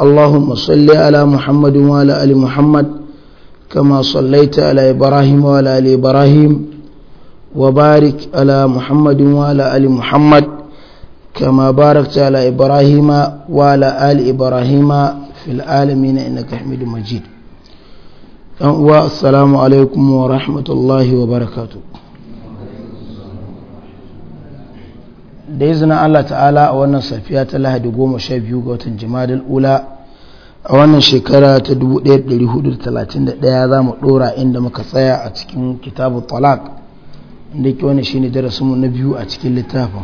اللهم صل على محمد وعلى آل محمد كما صليت على إبراهيم وعلى آل إبراهيم وبارك على محمد وعلى آل محمد كما باركت على إبراهيم وعلى آل إبراهيم في العالمين إنك حميد مجيد السلام عليكم ورحمة الله وبركاته da izinin Allah ta'ala a wannan safiya ta lahadi goma sha biyu ga watan jimadin ula a wannan shekara ta 1431 za mu dora inda muka tsaya a cikin kitabu talak inda ke wani ne darasinmu na biyu a cikin littafin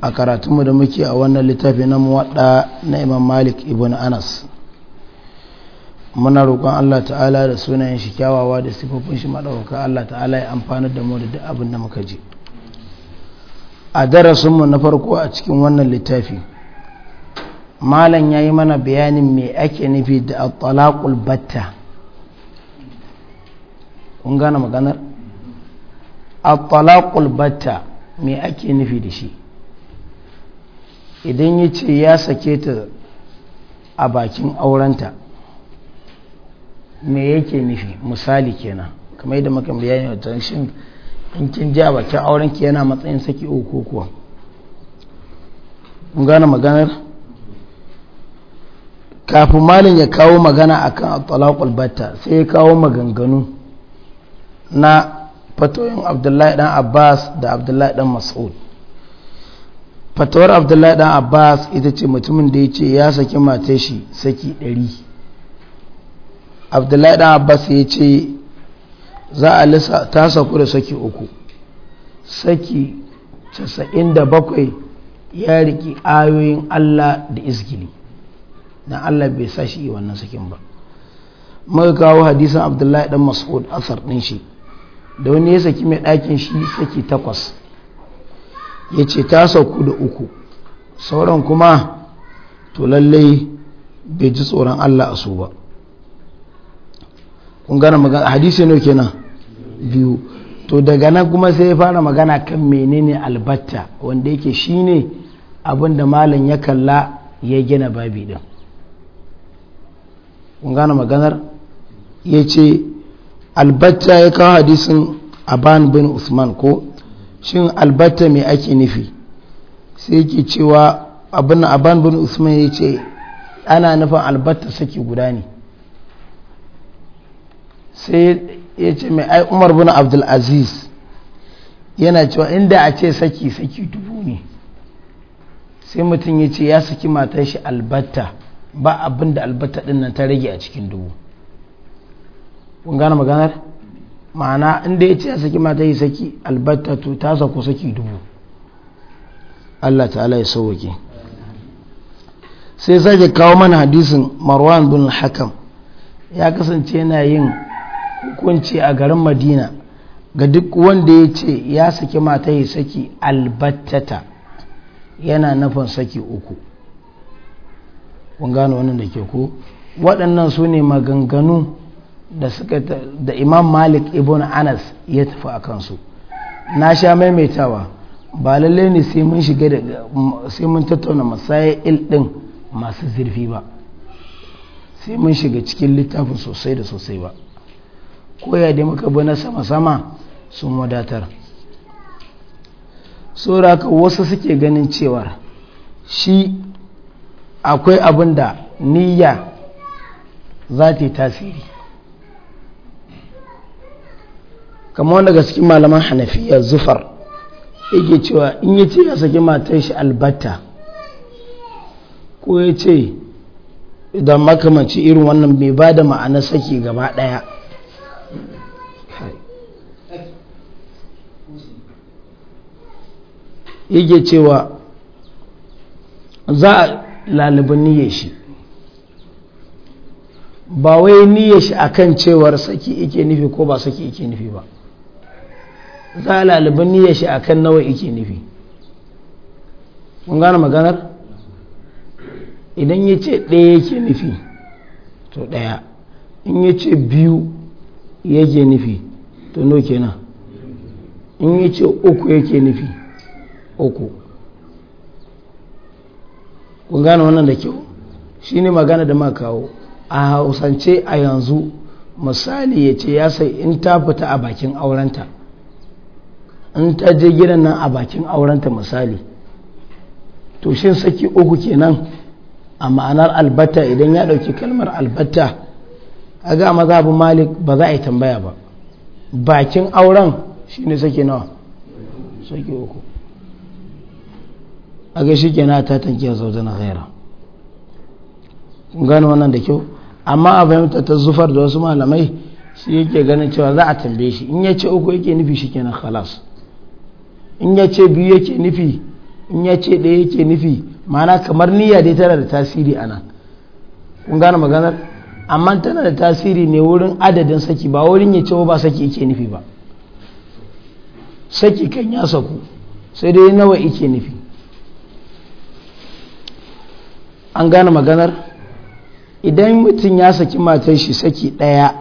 a karatunmu da muke a wannan littafi na muwaɗa na imam malik ibn anas muna roƙon Allah ta'ala da sunayen shi kyawawa da sifofin shi maɗaukaka Allah ta'ala ya amfanar da mu da duk abin da muka je. a darasinmu na farko a cikin wannan littafi malam ya yi mana bayanin me ake nufi da talaqul batta kun gane maganar al talaqul batta me ake nufi da shi idan ya ce ya sake ta a bakin aurenta me yake nufi misali kenan kamar yadda muka bayani wata shin in kin ja bakin auren ki yana matsayin saki uku kuwa kun gane maganar kafin malin ya kawo magana akan talaqul batta sai ya kawo maganganu na fatoyin abdullahi dan abbas da abdullahi dan mas'ud fatawar abdullahi dan abbas ita ce mutumin da ya ce ya saki matar shi saki ɗari abdullahi dan abbas ya ce za a lisa ta saku da saki uku saki 97 ya riki ayoyin Allah da izgili na Allah bai sa shi wannan sakin ba muka kawo hadisan abdullahi dan mas'ud asar din shi da wani ya saki mai ɗakin shi saki takwas ya ce ta sauku da uku sauran kuma to lallai bai ji tsoron Allah a su ba kun gana magana hadisi ne kenan biyu to daga nan kuma sai ya fara magana kan menene albatta wanda yake shine abin da malam ya kalla ya gina babi din kun gane maganar ya ce albatta ya kawo hadisin aban bin usman ko shin albatta mai ake nufi sai yake cewa abin aban bin usman ya ce ana nufin albatta saki guda ne sai ya ce mai ai umar bin abdulaziz yana cewa inda a ce saki saki dubu ne sai mutum ya ce ya saki matar shi albatta ba abin da albatta din nan ta rage a cikin dubu kun gane maganar ma'ana inda ya ce ya saki matar shi saki albatta to ta saku saki dubu Allah ta'ala ya sauwake sai sake kawo mana hadisin marwan bin hakan ya kasance yana yin hukunci a garin madina ga duk wanda ya ce ya saki mata ya saki albattata yana nufin saki uku kun gano wannan da ke ko waɗannan su ne maganganu da suka da imam malik ibn anas ya tafi a kansu na sha maimaitawa ba lalle ne sai mun shiga da sai mun tattauna il din masu zurfi ba sai mun shiga cikin littafin sosai da sosai ba ko ya da muka bi na sama-sama sun wadatar sauraka wasu suke ganin cewar shi akwai abin da niyya za ta yi tasiri kama wanda ga cikin malaman hanafiya zufar yake cewa in ya ce ya saki matar shi albata ko ya ce idan makamanci irin wannan bai ba da ma'ana saki gaba ɗaya yake cewa za a laliban niyyar shi ba wai niyyar shi kan cewar saki ike nufi ko ba saki ike nufi ba za a laliban niyyar shi kan nawa ike nufi kun gane maganar idan ya ce ɗaya yake nufi to ɗaya in ya ce biyu yake nufi to no kenan in ya ce uku yake nufi uku kun gane wannan da kyau shi ne magana da ma a hausance a yanzu misali ya ce ya sai in ta fita a bakin aurenta in ta je gidan nan a bakin aurenta misali to shi saki uku kenan a ma'anar albatta idan ya ɗauki kalmar albatta a ga abu malik ba za a yi tambaya ba bakin auren shi ne saki nawa saki uku a ga shi na ta tankiya zaujen ghaira gano wannan da kyau amma a fahimta ta zufar da wasu malamai su yake ganin cewa za a tambaye shi in ya ce uku yake nufi shi kenan khalas in ya ce biyu yake nufi in ya ce ɗaya yake nufi mana kamar niyya dai tana da tasiri ana kun gane maganar amma tana da tasiri ne wurin adadin saki ba wurin ya ce ba saki yake nufi ba saki kan ya saku sai dai nawa yake nufi an gane maganar idan mutum ya saki matar shi saki ɗaya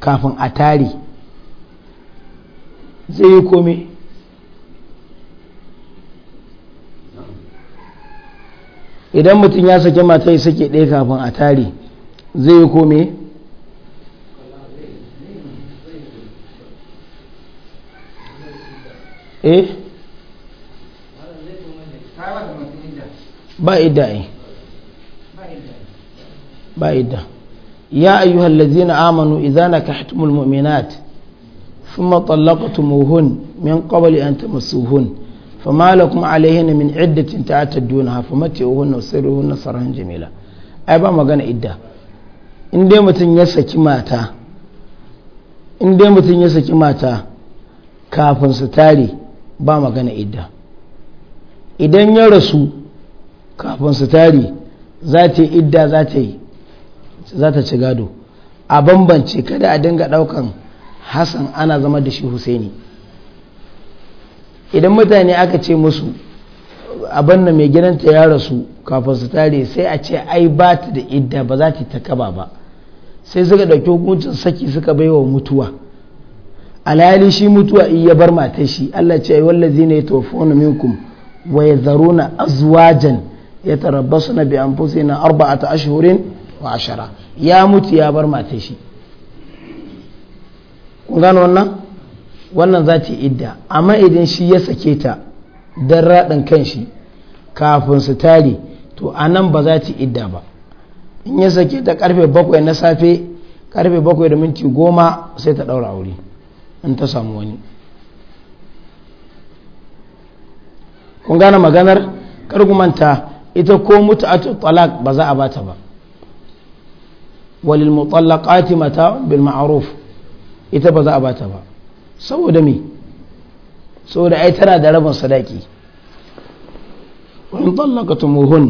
kafin a tari zai yi kome idan mutum ya saki matar shi saki ɗaya kafin a tari zai yi kome eh ba idda eh ba idda ya ayyuhal lazina amanu idza nakahtumul mu'minat thumma muhun min qabli an fa fama kuma alayhinna min iddatin sai famati'uhunna wasrihuhunna sarahan jamila ai ba magana idda in dai mutum ya saki mata in dai mutum ya saki mata kafin su tare ba magana idda idan ya rasu kafin su tare za ta yi idda za ta yi za ta ci gado a bambance kada a dinga daukan hassan ana zama da shi husaini idan mutane aka ce musu abin da mai gidanta ya rasu kafin su tare sai a ce ai ba ta da idda ba za ta ta kaba ba sai suka ɗauki hukuncin saki suka bai wa mutuwa alhali shi mutuwa iya bar matar shi Allah ce wallazi ne tawfuna minkum wa yazaruna azwajan yatarabbasu na bi anfusina arba'ata ashhurin wa ashara ya mutu ya bar mata shi kun gano wannan wannan za ta idda amma idan shi ya sake ta don raɗin kan shi kafin su tare to a nan ba za ta idda ba in ya sake ta karfe bakwai na safe karfe bakwai da minti goma sai ta ɗaura aure in ta samu wani kun gane maganar karkumanta ita ko mutu a talak ba za a bata ba وللمطلقات متاع بالمعروف ita ba za a bata ba saboda me saboda ai tana da rabin sadaki wa in tallaqatumuhun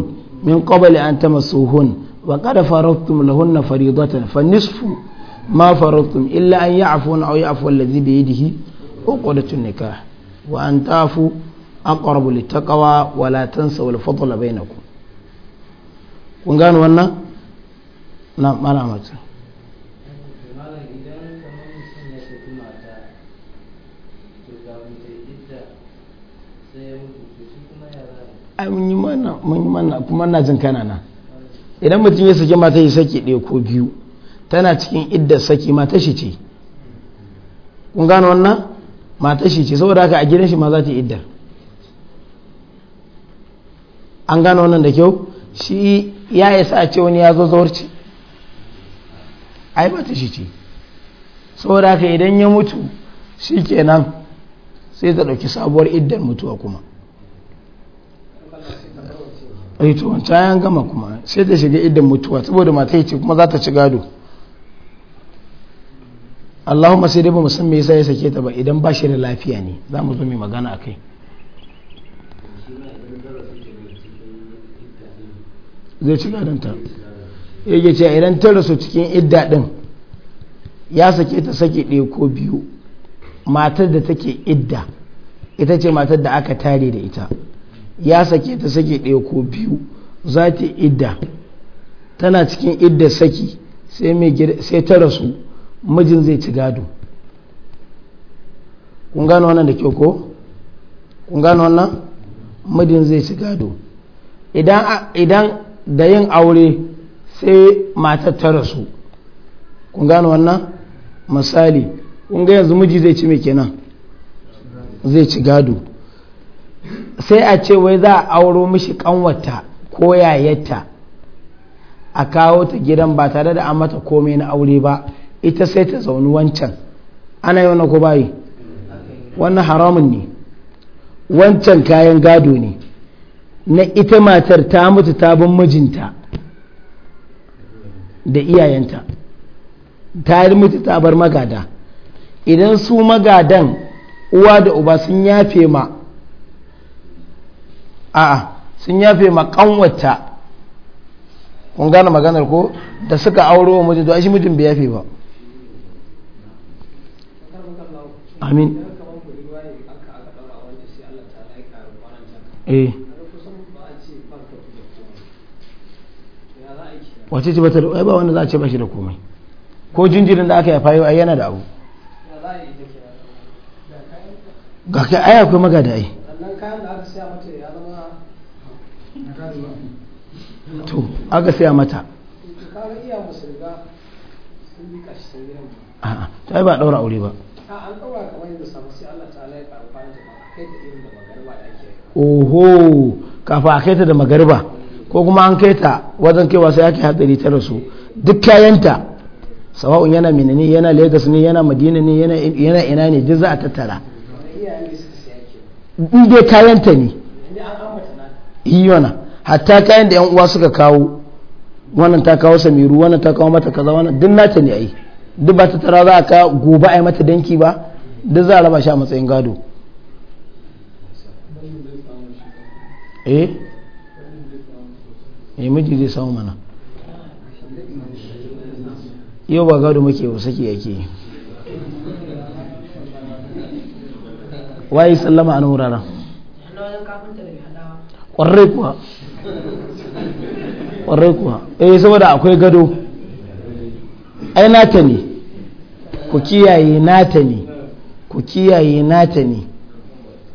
min qabli an tamassuhun wa qad faradtum lahunna faridatan fa nisfu ma faradtum illa an ya'funa aw ya'fu alladhi bi yadihi uqdatun nikah wa an tafu aqrabu littaqwa wa la tansaw al-fadla bainakum kun gano wannan na mara mace mun yi kuma na jin kana na idan mutum ya saki mata ya saki ɗaya ko biyu tana cikin idda saki mata shi ce kun gano wannan mata shi ce saboda haka a gidan shi ma za ta yi idda an gano wannan da kyau shi ya isa a ce wani ya zo zaurci ai ba ta shi ce saboda ka idan ya mutu shi kenan sai ta ɗauki sabuwar iddar mutuwa kuma eh, to wancan ya gama kuma sai ta shiga iddar mutuwa saboda mata ce kuma za ta ci gado Allahumma sai dai ba san me yasa ya sake ta ba idan ba shi da lafiya ne za mu zo mai magana a kai zai ci gadon ta yake ce idan ta rasu cikin idda din ya sake ta sake ɗaya ko biyu matar da take idda ita ce matar da aka tare da ita ya sake ta sake ɗaya ko biyu za ta idda tana cikin idda saki sai ta rasu mijin zai ci gado kun gano wannan da kyau ko? kun gano wannan mijin zai ci gado idan da yin aure sai matar ta rasu kun gano wannan misali kun yanzu miji zai ci mai kenan zai ci gado sai a ce wai za a auro mishi kanwata ko yayata a kawo ta gidan ba tare da an mata komai na aure ba ita sai ta zaunu wancan ana yi wani ko bayi wannan haramun ne wancan kayan gado ne na ita matar ta mutu ta bin mijinta da iyayenta ta yi mutu ta bar magada idan su magadan uwa da uba sun yafe ma a'a sun yafe ma kanwata kun gane maganar ko da suka auro wa mutu to shi mutum bai yafe ba amin eh. wace ce bata da ba wanda za a ce ba shi da komai ko jinjirin da aka yi fayo ai yana da abu ga kai ai akwai magada ai to aka siya mata ta yi ba daura aure ba oho kafa a kai ta da magariba ko kuma an kai ta wajen kewa sai ake hadari ta rasu duk kayanta sawa'un yana minani yana lagos ne yana madina ne yana ina ne duk za a tattara in dai kayanta ne iyona hatta kayan da yan uwa suka kawo wannan ta kawo samiru wannan ta kawo mata kaza wannan duk nata ne ai duk ba ta tara za a ka gobe a yi mata danki ba duk za a raba shi a matsayin gado eh mai eh, miji zai samu mana yau ba gado muke ba sake yake waye sallama a nan wuraren ƙwarai kuwa ƙwarai kuwa eh saboda akwai gado ai nata ne ku kiyaye nata ne ku kiyaye nata ne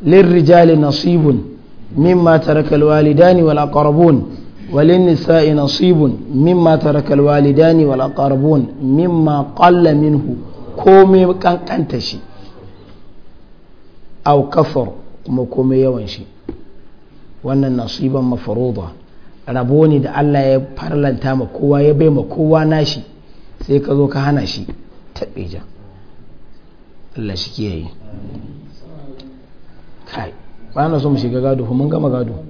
lirrijali nasibun mimma taraka dani wala aqrabun وللنساء نصيب مما ترك الوالدان والأقربون مما قل منه hu كان كنتشي أو كفر kuma komai yawan shi wannan nasiban mafaroba rabo ne da Allah ya farlanta ma kowa ya bai ma kowa nashi sai ka zo ka hana shi taɓe ja Allah shi kiyaye kai ba na so mu shiga gado mun gama gado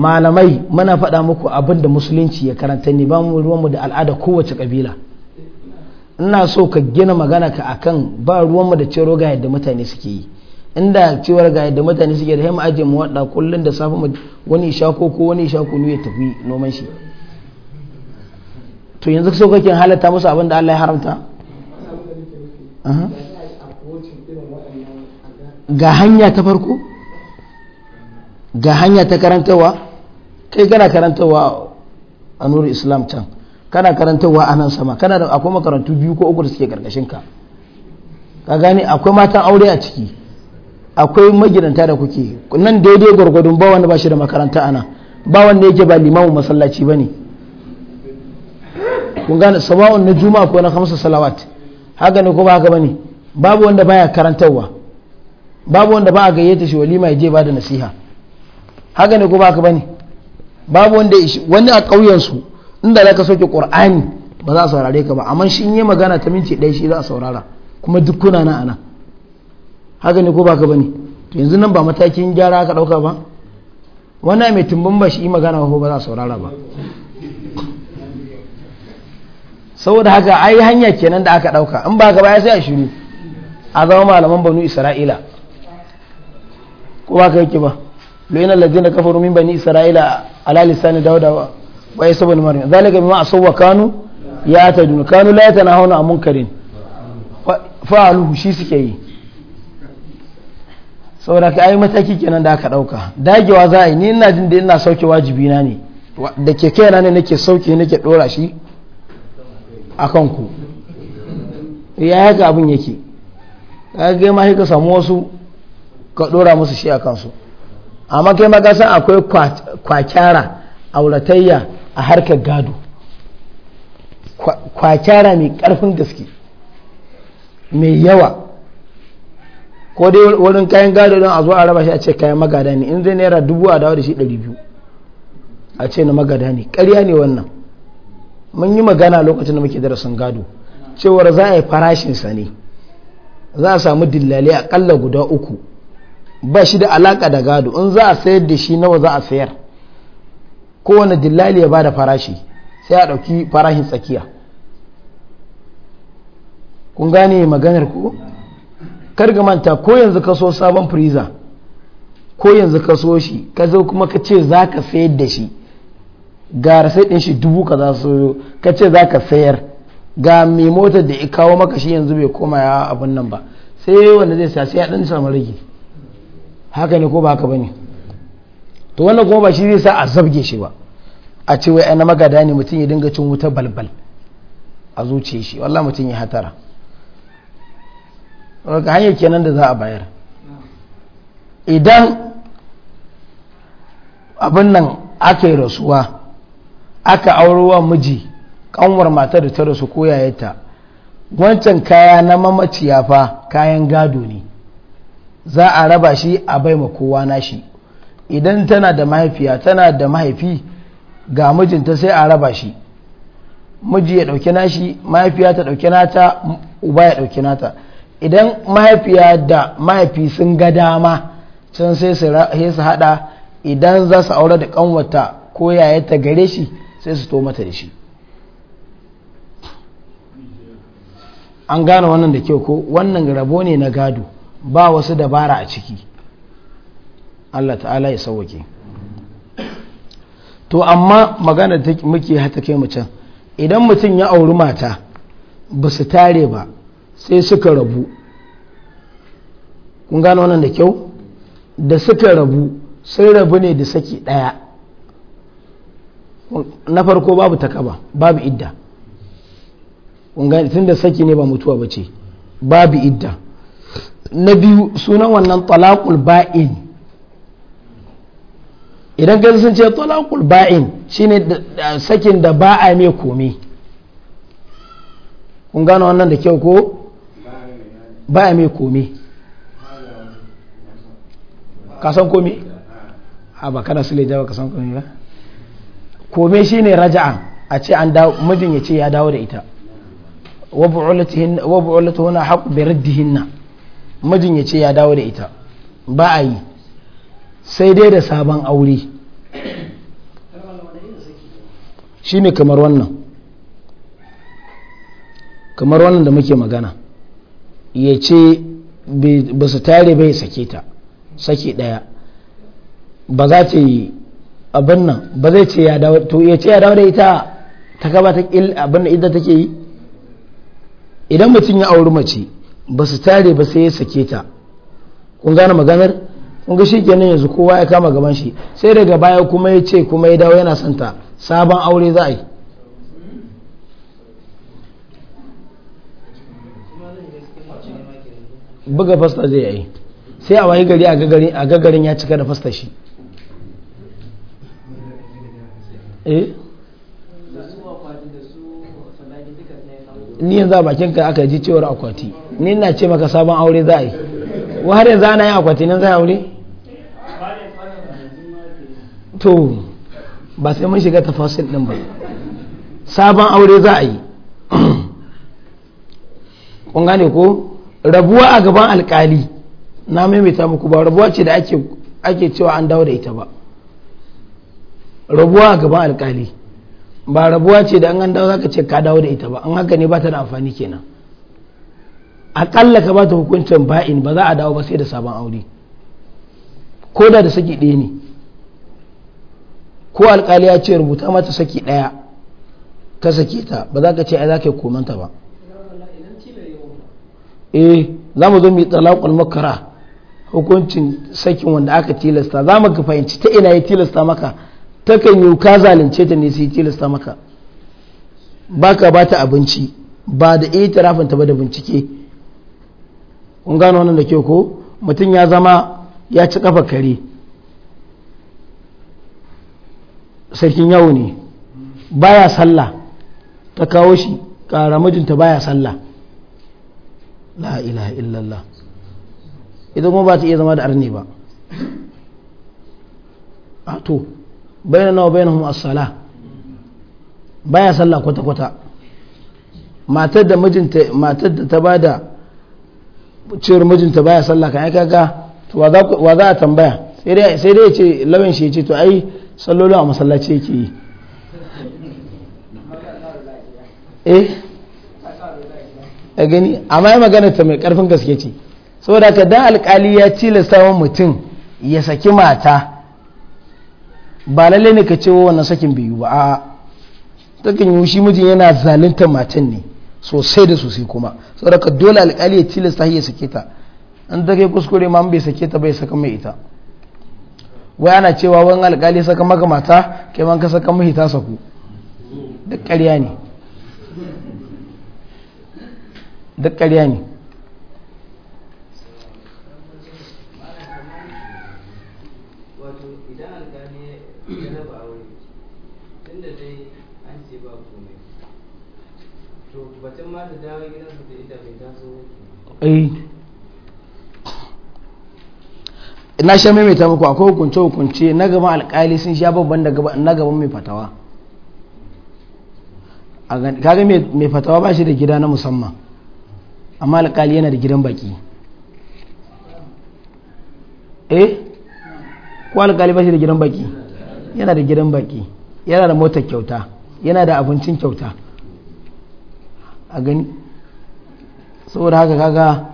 malamai muna faɗa muku abin da musulunci ya karanta ne ba mu ruwanmu da al'ada kowace ƙabila ina so ka gina magana ka akan ba ruwanmu da cero ga yadda mutane suke yi inda cewar ga yadda mutane suke da hima ajiye mu waɗa kullum da safe wani isha ko wani isha ne ya tafi noman shi to yanzu so kake halatta musu abin da Allah ya haramta ga hanya ta farko ga hanya ta karantawa kai kana karantarwa a nuri islam can kana karantarwa a nan sama kana da akwai makarantu biyu ko uku da suke karkashin ka ka gani akwai matan aure a ciki akwai magidanta da kuke nan daidai gwargwadon ba wanda ba shi da makaranta ana ba wanda yake ba limamin masallaci ba ne kun gane sama'un na juma'a ko na hamsa salawat haka ne ko ba haka ba ne babu wanda baya karantarwa babu wanda ba a gayyata shi walima ya je ba da nasiha haka ne ko ba haka ba ne babu wanda ya wani a ƙauyensu inda za ka sauke ƙur'ani ba za a saurare ka ba amma shi in yi magana ta minti ɗaya shi za a saurara kuma duk kuna na ana haka ne ko ba ka bane to yanzu nan ba matakin gyara ka ɗauka ba wani mai tumbin ba shi magana ba ba za a saurara ba saboda haka ai hanya kenan da aka ɗauka in ba ka ya sai a shiru a zama malaman banu isra'ila ko ba ka yake ba lo yana lalzina kafaru min bani isra'ila ala lisani dauda wa isa bin maryam zalika bima asawwa kanu ya tadun kanu la yatanahuna an munkarin fa'aluhu shi suke yi saboda ka ai mataki kenan da aka dauka dagewa za a yi ni ina jin da ina sauke wajibi na ne da ke kaina ne nake sauke nake dora shi akan ku ya haka abin yake ka ga ma ka samu wasu ka dora musu shi akan su amma kai maka san akwai kwakyara auratayya a harkar gado kwakyara mai karfin gaske mai yawa ko dai wurin kayan gado don a zo a raba shi a ce kayan magada ne in zai naira dubu a dawo da shi ɗari biyu a ce na magada ne ƙarya ne wannan mun yi magana lokacin da muke darasin gado cewar za a yi farashinsa ne za a samu dillali aƙalla guda uku ba shi da alaka da gado in za a sayar da shi nawa za a sayar kowane dillali ya ba da farashi sai a ɗauki farashin tsakiya kun gane maganar ku karga manta ko yanzu ka so sabon firiza, ko yanzu ka so shi ka zo kuma ka ce za ka sayar da shi ga rasai ɗin shi dubu ka za su ka ce za ka sayar ga mai motar da ya kawo maka shi yanzu bai koma ya abin nan ba sai wanda zai sa sai ya ɗan samu rage haka ne ko ba haka bane to wannan kuma ba shi zai sa a zabge shi ba a ce wai na magada ne mutum ya dinga cin wuta balbal a zuce shi wallah mutum ya hatara daga hanyar kenan da za a bayar idan abin nan aka yi rasuwa aka wa miji kanwar matar da ta rasu ko yayata wancan kaya na mamaci ya fa kayan gado ne za a raba shi a bai ma kowa nashi idan tana da mahaifiya tana da mahaifi ga mijinta sai a raba shi miji ya ɗauki nashi mahaifiya ta dauki nata uba ya ɗauki nata idan mahaifiya da mahaifi sun ga dama can sai su haɗa idan za su aure da kanwata ko ta gare shi sai su to mata da shi an gane wannan da kyau ko wannan rabo ne na gado ba wasu dabara a ciki Allah ta'ala ya sauwake to amma magana da muke hata kai mutum idan mutum ya auri mata ba su tare ba sai suka rabu kun gano wannan da kyau da suka rabu sai rabu ne da saki ɗaya na farko babu takaba babu idda kun tun da saki ne ba mutuwa ba ce babu idda na biyu sunan wannan talakul ba'in idan ka sun ce talakul ba'in shine sakin da ba a mai komai kun gano wannan da kyau ko ba a mai komai ka san komai a ba kana su leja ba ka san komai ba komai shine raja'a a ce an dawo mijin ya ce ya dawo da ita wa haku haqq bi raddihinna majin ya ce ya dawo da ita ba a yi sai dai da sabon aure shi ne kamar wannan kamar wannan da muke magana ya ce ba su tare bai sake ta sake ɗaya ba za ta yi abin nan ba zai ce ya dawo to ya ce ya dawo da ita ta gaba ta abin da ita take yi idan mutum ya auri mace ba su tare ba sai ya sake ta kun gane maganar kun ga shikenan yanzu kowa ya kama gaban shi sai daga baya kuma ya ce kuma ya dawo yana santa sabon aure za a yi buga fasta zai yi sai a wayi gari a gagarin ya cika da fasta shi eh? ni yanzu a bakin ka aka ji cewar akwati ni na ce maka sabon aure za a yi wa har yanzu ana yin akwatinin za a aure to ba sai mun shiga tafasil din ba sabon aure za a yi kun gane ko rabuwa a gaban alkali na maimaita muku ba rabuwa ce da ake cewa an dawo da ita ba rabuwa a gaban alkali ba rabuwa ce da an dawo ka ce ka dawo da ita ba an haka ne ba ta da amfani kenan aƙalla ka ba ta hukuncin ba'in ba za a dawo ba sai da sabon aure ko da da saki ɗaya ne ko alƙali ya ce rubuta mata saki ɗaya ka sake ta ba za ka ce ai za ka komanta ba eh za mu zo mu yi talaqul makara hukuncin sakin wanda aka tilasta za mu ka fahimci ta ina ya tilasta maka ta kan yi ka zalunce ta ne sai tilasta maka baka ba ta abinci ba da itirafin ta ba da bincike kun gano wannan da ke ko mutum ya zama ya ci kafa kare sarkin yawo ne baya sallah ta kawo shi kara mijinta baya sallah la ilaha illallah idan kuma ba ta iya zama da arni ba a to bayan nawa bayan hum asala ba baya sallah kwata-kwata matar da mijinta matar da ta bada cewar mijinta baya sallah kan "Ai kaga wa za a tambaya sai dai ce lawan shi ya ce to ai sallolo a masallaci yake yi eh a gani amma ya magana ta mai karfin gaske ce saboda ka dan alkali ya tilasta wa mutum ya saki mata ba lalle ne ka ce wannan sakin biyu ba a takan yi shi mijin yana zalunta matan ne sosai da sosai kuma saboda dole alƙali ya tilasta ya sake ta an kuskure ma bai sake ta bai saka mai ita wai ana cewa wani alƙali saka maka mata kai man ka saka mai ta saku duk ƙarya ne duk ƙarya ne batun ma dawo gidansa da ita bai taso eh. na sha maimaita muku akwai hukunce hukunce na gaban alkali sun sha babban da na gaban mai fatawa kaga mai fatawa ba shi da gida na musamman amma alkali yana da gidan baki eh ko alkali ba shi da gidan baki yana da gidan baki yana da motar kyauta yana da abincin kyauta a gani saboda haka kaga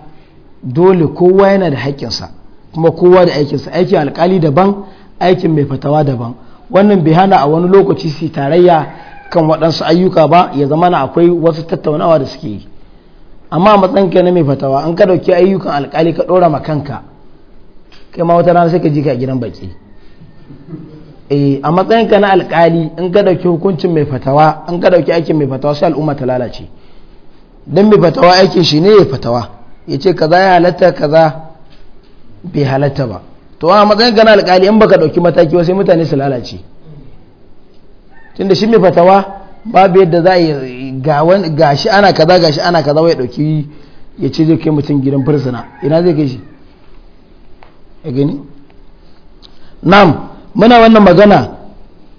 dole kowa yana da haƙƙinsa kuma kowa da aikinsa aikin alƙali daban aikin mai fatawa daban wannan bai hana a wani lokaci su tarayya kan waɗansu ayyuka ba ya zama na akwai wasu tattaunawa da suke yi amma a matsayinka na mai fatawa an ka ɗauki ayyukan alƙali ka ɗora ma kanka kai ma wata rana sai ka ji ka gidan baki eh, a a matsayinka na alƙali in ka ɗauki hukuncin mai fatawa an ka ɗauki aikin mai fatawa sai al'umma ta lalace don mai fatawa aikin shi ne ya fatawa ya ce kaza ya halatta kaza bai halatta ba to a matsayin gana alƙali in baka ɗauki mataki wasu mutane su lalace tunda shi mai fatawa babu yadda za a yi gashi ana kaza gashi ana kaza wai ɗauki ya ce zai kai mutum gidan fursuna ina zai kai shi ya gani nam muna wannan magana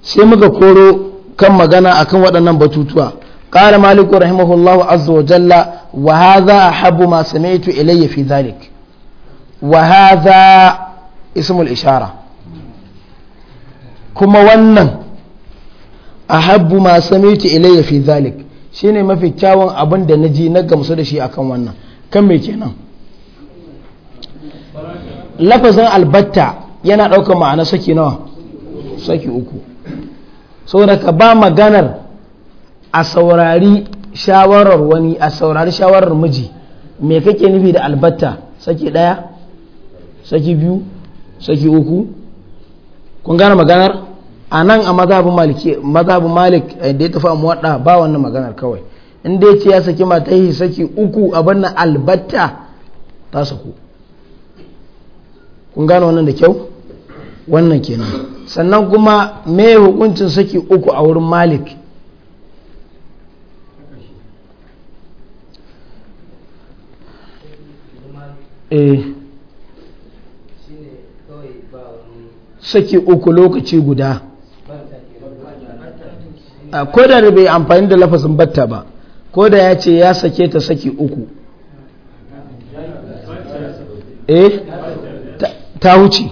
sai muka koro kan magana akan waɗannan batutuwa قال مالك رحمه الله عز وجل وهذا أحب ما سمعت إلي في ذلك وهذا اسم الإشارة كما ونن أحب ما سمعت إلي في ذلك shine mafi kyawun abin da na ji na gamsu da shi akan wannan kan me kenan lafazin albarta yana ɗaukar ma'ana saki nawa saki uku saboda ka ba maganar a saurari shawarar wani a saurari shawarar miji me kake nufi da albatta saki ɗaya saki biyu saki uku kun gane maganar a nan a mazhabin malik mazhabin malik eh, da ya tafi muwadda ba wannan maganar kawai in dai ce ya saki mata yi saki uku abin na albatta ta saku kun gane wannan da kyau wannan kenan sannan kuma me hukuncin saki uku a wurin malik Eh. saki uku lokaci guda ah, ko da bai amfani da lafasin batta ba ko da ya ce ya sake ta saki uku eh ta huce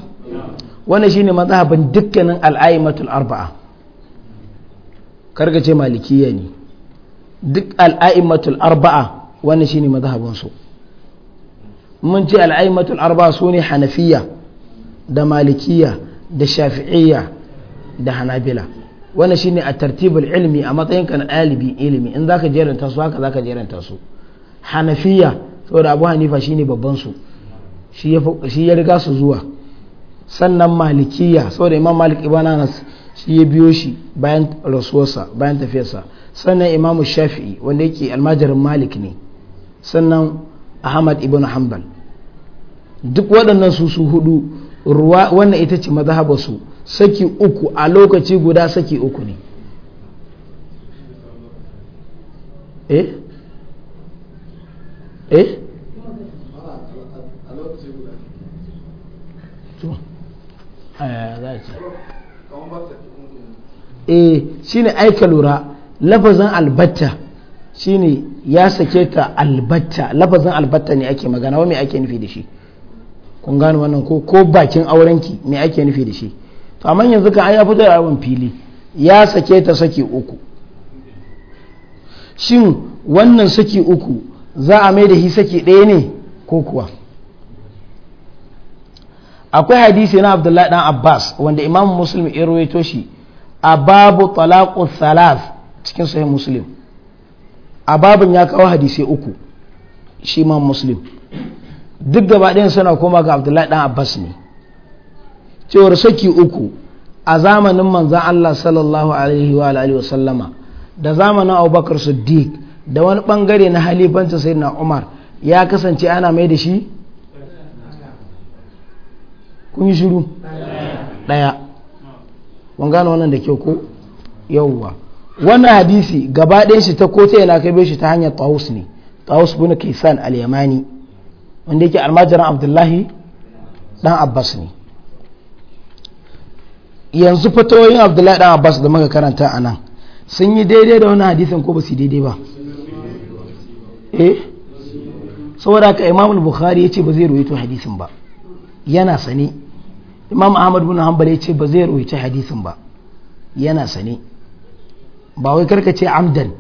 wannan shine mazhabin dukkanin al'aimatul arba'a karga ce malikiya ne duk al'aimatul arba'a wannan shine mazhabin su mun ce al'aimatul arba su ne hanafiya da malikiya da shafi'iyya da hanabila shi shine a tartibul ilmi a matsayinka na ɗalibi ilimi in zaka jeranta su haka zaka jeranta su hanafiya saboda abu hanifa shine babban su shi ya riga su zuwa sannan malikiya saboda imam malik ibn anas shi ya biyo shi bayan rasuwarsa bayan tafiyarsa sannan imamu shafi'i wanda yake almajirin malik ne sannan ahmad ibn hanbal duk waɗannan su su hudu ruwa wannan ita ce mazhabarsu saki uku a lokaci guda saki uku ne eh eh eh shine aika lura lafazin albatta shine ya sake ta albatta lafazin albatta ne ake magana wa me ake nufi da shi kun gane wannan ko ko bakin aurenki me ake nufi da shi to amma yanzu kan ya fito da abin fili ya sake ta saki uku shin wannan saki uku za a mai da shi saki ɗaya ne ko kuwa akwai hadisi na abdullahi dan abbas wanda imam muslim ya rawaito shi a babu talaqu thalath cikin sahih muslim a babin ya kawo hadisai uku shi ma muslim duk gaba ɗayan suna koma ga abdullahi ɗan abbas ne cewar saki uku a zamanin manzan allah sallallahu alaihi wa alihi sallama da zamanin abubakar siddiq da wani ɓangare na halifancin sai na umar ya kasance ana mai da shi kun yi shiru ɗaya wangana wannan da kyau ko yauwa wannan hadisi gaba ɗaya shi ta kota yana kai shi ta hanyar tawus ne tawus bin kisan al-yamani wanda yake almajiran abdullahi dan abbas ne yanzu fatoyin abdullahi dan abbas da muka karanta a nan sun yi daidai da wannan hadisin ko ba su daidai ba eh saboda ka imam bukhari ya ce ba zai ruwaito hadisin ba yana sane imam ahmad bin hanbal ya ce ba zai ruwaito hadisin ba yana sane ba wai karkace amdan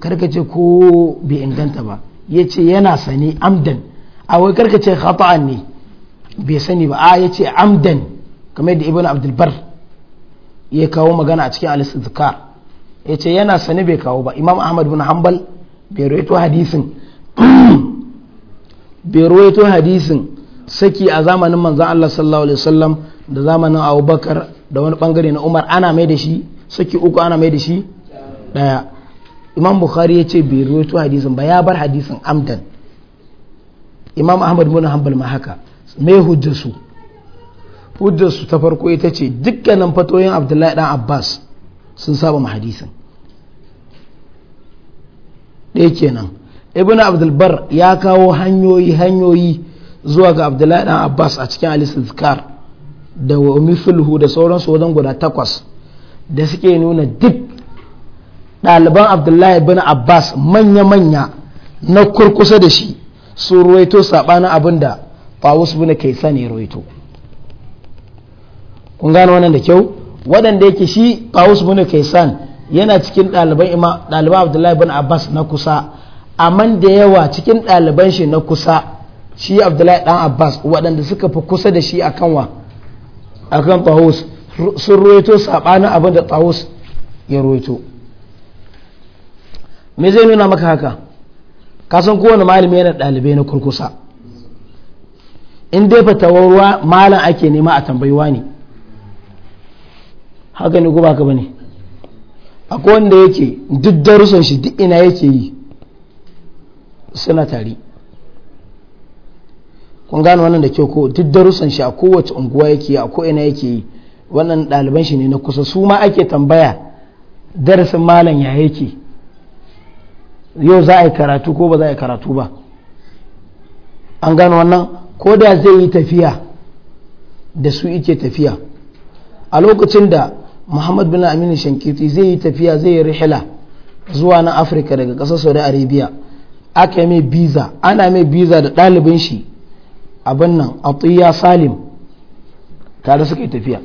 karkace ko bai inganta ba ya ce yana sani amdan a wai karkace khata'an ne bai sani ba a ya ce amdan kamar yadda ibn abdulbar ya kawo magana a cikin al-istizkar ya ce yana sani bai kawo ba imam ahmad bin hanbal bai rawaito hadisin bai rawaito hadisin saki a zamanin manzan Allah sallallahu alaihi wasallam da zamanin Abubakar da wani bangare na Umar ana mai da shi saki uku ana mai da shi daya imam bukhari ya ce bai ruwaito hadisin ba ya bar hadisin amdan imam ahmad muna hanbal ma haka me hujjarsu hujjarsu ta farko ita ce dukkanin fatoyin abdullahi dan abbas sun saba ma hadisin ɗaya kenan ibn abdulbar ya kawo hanyoyi hanyoyi zuwa ga abdullahi dan abbas a cikin alisul zikar da wa da sauransu wajen guda takwas da suke nuna duk ɗaliban abdullahi bin abbas manya-manya na kurkusa da shi su ruwaito saɓanin abin da fawus bin kaisa ne ruwaito kun gano wannan da kyau waɗanda yake shi fawus bin sani yana cikin ɗaliban abdullahi bin abbas na kusa amma da yawa cikin ɗaliban shi na kusa shi abdullahi ɗan abbas waɗanda suka fi kusa da shi akan wa akan fawus sun ruwaito saɓanin abin da tsawus ya ruwaito me zai nuna maka haka kasan kowane malami yana ɗalibai na kurkusa in dai fa ruwa malam ake nema a tambayiwa ne haka ne ko baka bane akwai wanda yake duk darussan shi duk ina yake yi suna tari kun gane wannan da kyau ko duk darussan shi a kowace unguwa yake yi a ko ina yake yi wannan ɗaliban shi ne na kusa su ma ake tambaya darasin malam ya yake yau za a yi karatu ko ba za a yi karatu ba an gano wannan ko da zai yi tafiya da su ike tafiya a lokacin da muhammad bin aminu shankiti zai yi tafiya zai yi rihila zuwa na afirka daga ƙasar saudi arabia aka yi mai biza ana mai biza da ɗalibin shi abin nan atiya salim tare suka yi tafiya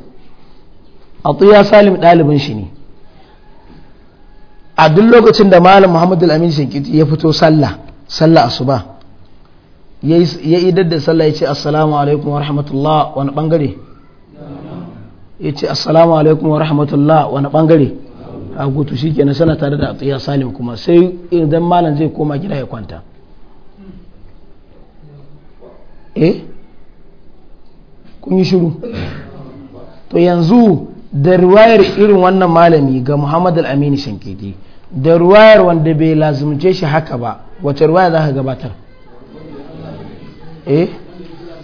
atiya salim ɗalibin shi ne a duk lokacin da malam muhammad al-amin shinkiti ya fito sallah sallah asuba ya yi da sallah ya ce assalamu alaikum wa rahmatullah wani bangare ya ce assalamu alaikum wa rahmatullah wani bangare a gutu shi kenan sana tare da atiya salim kuma sai idan malam zai koma gida ya kwanta eh kun yi shiru to yanzu da ruwayar irin wannan malami ga muhammad al-amini shankidi da ruwayar wanda bai lazumce shi haka ba wace ruwaya za ka gabatar eh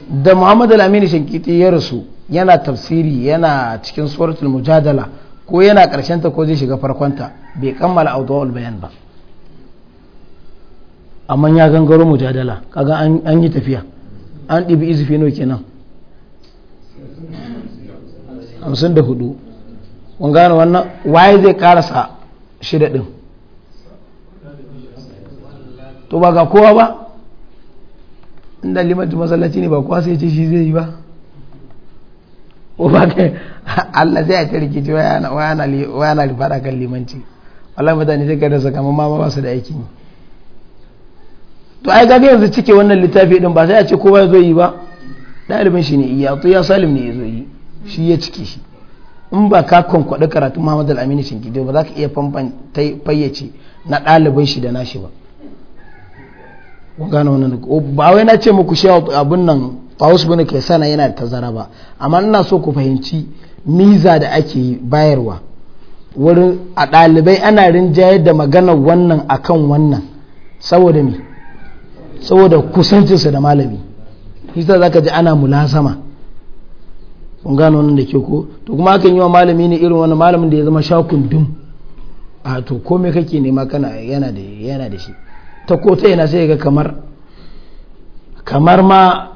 da muhammad al-amini shankidi ya rasu yana tafsiri yana cikin suratul mujadala ko yana ta ko zai shiga farkonta bai kammala audawul bayan ba amma ya gangaro mujadala kaga an yi tafiya an ɗibi izufi kenan hamsin da hudu mun gane wannan waye zai karasa shida din to ba ga kowa ba inda limanci masallaci ne ba kowa sai ce shi zai yi ba ko ba kai Allah sai a ta rikici waya na rifada kan limanci Allah mutane sai kai rasa kamar ma ba su da aikin yi to ai ga yanzu cike wannan littafi din ba sai a ce kowa ya zo yi ba ɗalibin shi ne iya to ya salim ne ya zo yi shi ya cike shi in ba ka kwankwaɗi karatun muhammad al-aminu ba za ka iya fayyace na ɗaliban shi da nashi ba gane wannan ba wai na ce muku shewa abin nan tawus bane ke sana yana da tazara ba amma ina so ku fahimci miza da ake bayarwa wurin a ɗalibai ana rinjayar da maganar wannan akan wannan saboda me saboda kusancinsa da malami shi za ka ji ana mulazama kun gano nan da ke ko to kuma akan yi wa malami ne irin wani malamin da ya zama shakun dum a to kome kake nema kana yana da yana da shi ta ko ta yana sai ga kamar kamar ma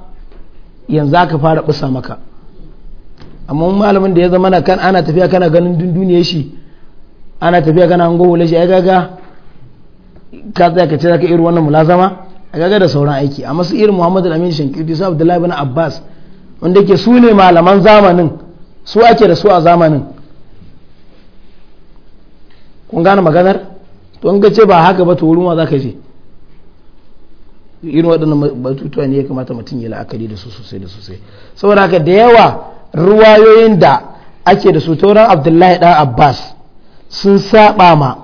yanzu aka fara busa maka amma malamin da ya zama na kan ana tafiya kana ganin dunduniyar shi ana tafiya kana hango wula shi ai gaga ka tsaya ka ce zaka irin wannan mulazama a gaga da sauran aiki amma su irin Muhammadu Al-Amin Shankiti su Abdullahi bin Abbas wanda ke su ne malaman zamanin su ake da su a zamanin kun gane maganar to an ce ba haka ba to wurin wa za ka je irin waɗannan batutuwa ne ya kamata mutum yi la'akari da su sosai da sosai saboda haka da yawa ruwayoyin da ake da su tauran abdullahi ɗan abbas sun saba ma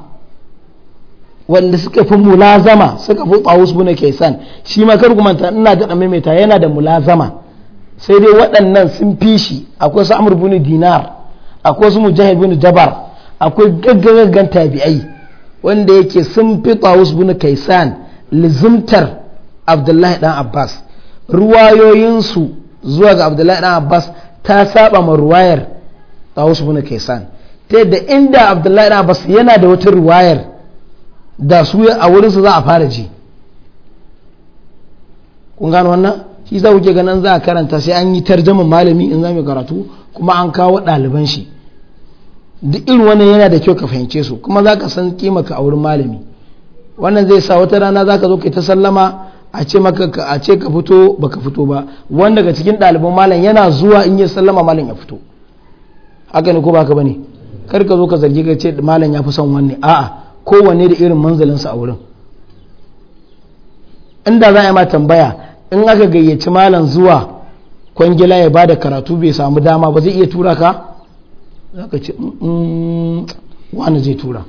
wanda suka fi mulazama suka fi tsawus bune kaisan shi ma kar ina da maimaita yana da mulazama sai dai waɗannan sun fi shi akwai su amur bin dinar akwai su mujahid bin jabar akwai gaggagaggan tabi'ai wanda yake sun fi tawus bin kaisan lizimtar abdullahi dan abbas ruwayoyinsu zuwa ga abdullahi dan abbas ta saba ma ruwayar tawus bin kaisan ta yadda inda abdullahi dan abbas yana da wata ruwayar da su a wurinsu za a fara ji kun gano wannan shi za kuke ganin za a karanta sai an yi tarjaman malami in za mu karatu kuma an kawo ɗaliban shi duk irin wannan yana da kyau ka fahimce su kuma za ka san kimaka a wurin malami wannan zai sa wata rana za ka zo ka ta sallama a ce maka a ce ka fito baka fito ba wanda daga cikin ɗaliban malam yana zuwa in ya sallama malam ya fito haka ne ko baka bane kar ka zo ka zargi ka ce malam ya fi son wanne a'a kowanne da irin manzalinsa a wurin inda za a yi ma tambaya in aka gayyaci malam zuwa kwangila ya ba da karatu bai samu dama ba zai iya tura ka za ka ce mm, mm, wani zai tura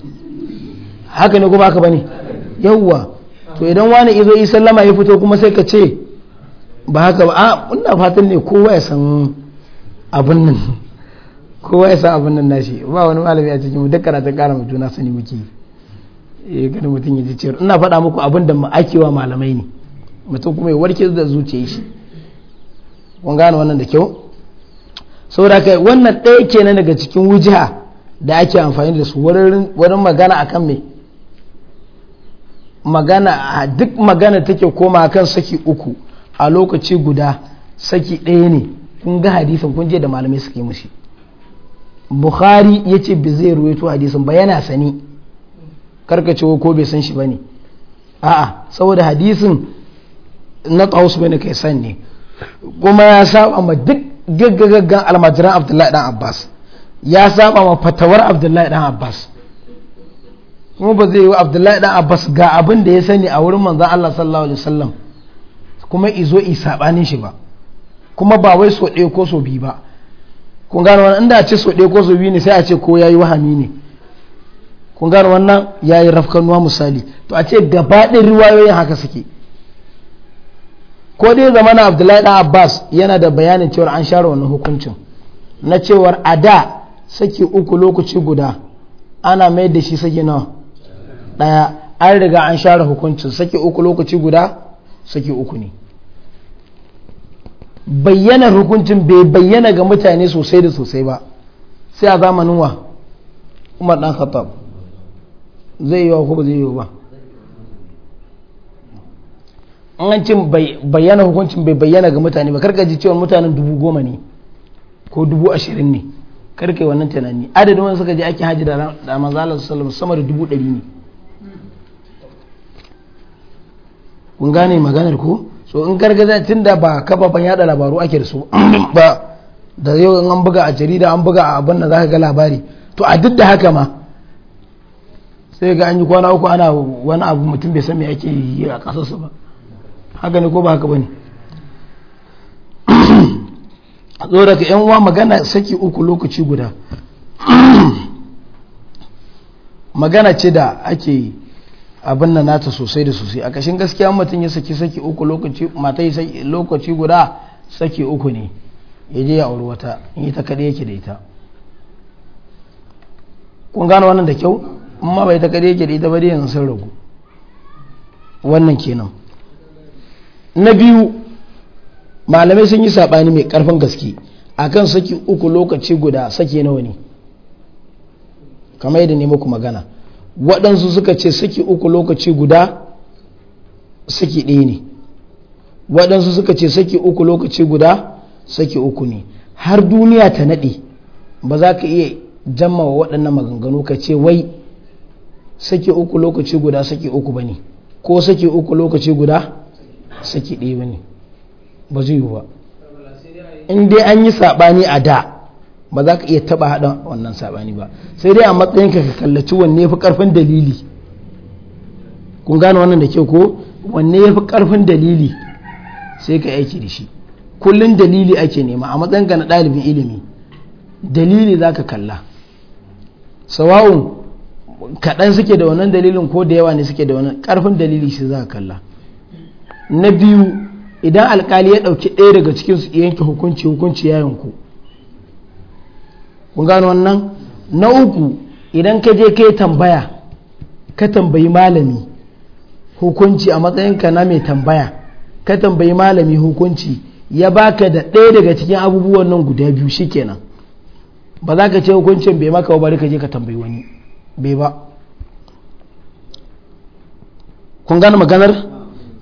haka ne kuma aka ba ne yawwa to idan wani izo yi sallama ya fito kuma sai ka ce ba haka ba a ina fatan ne kowa ya san abin nan kowa ya san abin nan nashi ba wani malami a cikin duk karatun kara mu na sani muke eh, ganin mutum ya ji ciyar ina faɗa muku abin da ma'akewa malamai ne mutum kuma ya warke da zuciyar shi kun gane wannan da kyau saboda kai wannan ɗaya kenan daga cikin wujiha da ake amfani da su wurin magana akan me magana duk magana take koma kan saki uku a lokaci guda saki ɗaya ne kun ga hadisin kun je da malamai suke mushi bukhari ya ce bai zai ruwaito hadisin ba yana sani karkacewa ko bai san shi ba ne a'a saboda hadisin na taus bin kai ne kuma ya saba ma duk gaggagaggan almajiran abdullahi dan abbas ya saba ma fatawar abdullahi dan abbas kuma ba zai yi wa abdullahi dan abbas ga abin da ya sani a wurin manzan allah sallallahu alaihi wasallam kuma izo i sabanin shi ba kuma ba wai so ɗaya ko so biyu ba kun gano wannan inda a ce so ɗaya ko so biyu ne sai a ce ko ya yi wahami ne kun gano wannan yi rafkanuwa misali to a ce gaba ɗin riwayoyin haka suke ko dai zamana abdullahi dan abbas yana da bayanin cewar an share wannan hukuncin na cewar a da saki uku lokaci guda ana mai da shi saki nawa daya an riga an share hukuncin saki uku lokaci guda saki uku ne bayyanar hukuncin bai bayyana ga mutane sosai da sosai ba sai a zamanin wa umar dan khattab zai yi wa ko ba zai yi ba an bayyana hukuncin bai bayyana ga mutane ba karka ji cewa mutanen dubu goma ne ko dubu ashirin ne karka yi wannan tunani adadin wanda suka je ake hajji da ramazalar salam sama da dubu ɗari ne kun gane maganar ko so in gargaza tun da ba ban yada labaru ake da su ba da yau an buga a jarida an buga a abin da za ka ga labari to a duk da haka ma sai ga an yi kwana uku ana wani abu mutum bai san me ake yi a ƙasarsa ba haka ne ko ba haka bane a tsora ka yan uwa magana saki uku lokaci guda magana ce da ake yi abin da nata sosai da sosai a kashin gaskiya mutum ya saki saki uku lokaci mata lokaci guda saki uku ne ya je ya auri wata in ta kaɗe yake da ita kun gano wannan da kyau amma bai ta kaɗe yake da ita ba dai yanzu sun ragu wannan kenan na biyu malamai sun yi saɓani mai ƙarfin gaske akan saki uku lokaci guda saki nawa ne kamar yadda ne muku magana waɗansu suka ce saki uku lokaci guda saki ɗaya ne waɗansu suka ce saki uku lokaci guda saki uku ne har duniya ta naɗe ba za ka iya jamma wa waɗannan maganganu ka ce wai saki uku lokaci guda saki uku ba ne ko saki uku lokaci guda saki ɗaya ba ne ba zai yi ba in dai an yi saɓani a da ba za ka iya taɓa haɗa wannan saɓani ba sai dai a matsayin ka ka kallaci wanne fi ƙarfin dalili kun gane wannan da ke ko wanne ya fi ƙarfin dalili sai ka aiki da shi kullum dalili ake nema a matsayin ka na ɗalibin ilimi dalili za ka kalla sawa'un kaɗan suke da wannan dalilin ko da yawa ne suke da wannan ƙarfin dalili shi za ka kalla na biyu idan alkali ya ɗauki ɗaya daga cikinsu yanke hukunci hukunci ya yanku kun gano wannan na uku idan ka je ka tambaya ka tambayi malami hukunci a matsayinka na mai tambaya ka tambayi malami hukunci ya baka da ɗaya daga cikin abubuwan nan guda biyu shikenan ba za ka ce hukuncin bai maka bari ka je ka tambayi wani bai ba kun gane maganar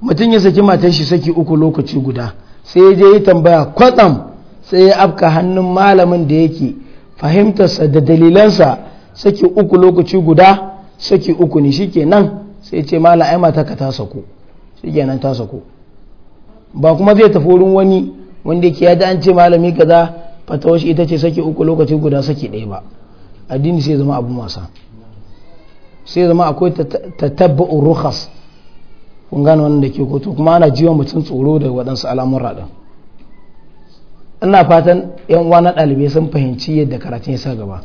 mutum ya saki matan shi saki uku lokaci guda sai ya je ya tambaya kwatsam sai ya afka hannun malamin da yake fahimtarsa da dalilansa saki uku lokaci guda saki uku ne shi nan sai ce mala ai mata ka ta shi shikenan tasa ko ba kuma zai tafi wurin wani wanda yake ya an ce malami kaza fatawar ita ce saki uku lokaci guda saki ɗaya ba addini sai zama abu wasa sai zama akwai tattabba'un rukhas kun gane wannan da ke koto kuma ana jiwa mutum tsoro da waɗansu al'amura raɗin ina fatan yan uwa na ɗalibai sun fahimci yadda karatun ya sa gaba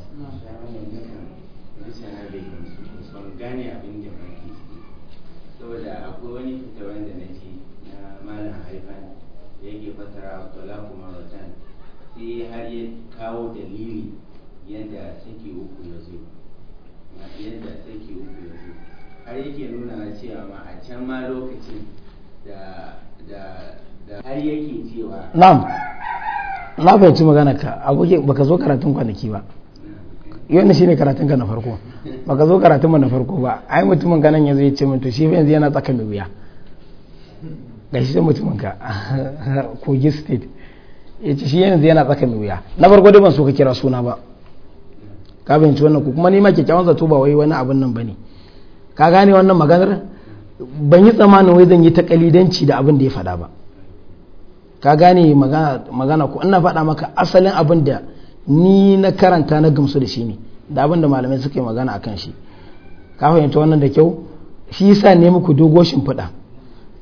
kawo dalili yadda sake uku yadda uku har yake nuna cewa ma a can ma lokacin da da da har yake cewa na'am na fahimci magana ka aboki baka zo karatun kwanaki ba yau shine karatun ka na farko baka zo karatun ma na farko ba ai mutumin ganan yanzu ya ce mutu shi fa yanzu yana tsaka mai wuya ga shi mutumin ka kogi state ya ce shi yanzu yana tsaka mai wuya na farko dai ban so ka kira suna ba ka fahimci wannan ku kuma ni ma kyakkyawan zato ba wai wani abin nan ba ne ka gane wannan maganar ban yi tsammanin wai zan yi ta kalidanci da abin da ya fada ba ka gane magana ko ina faɗa maka asalin abin da ni na karanta na gamsu da shi ne da abin da malamai suka yi magana a kan shi ka fahimta wannan da kyau shi sa ne muku dogo shimfiɗa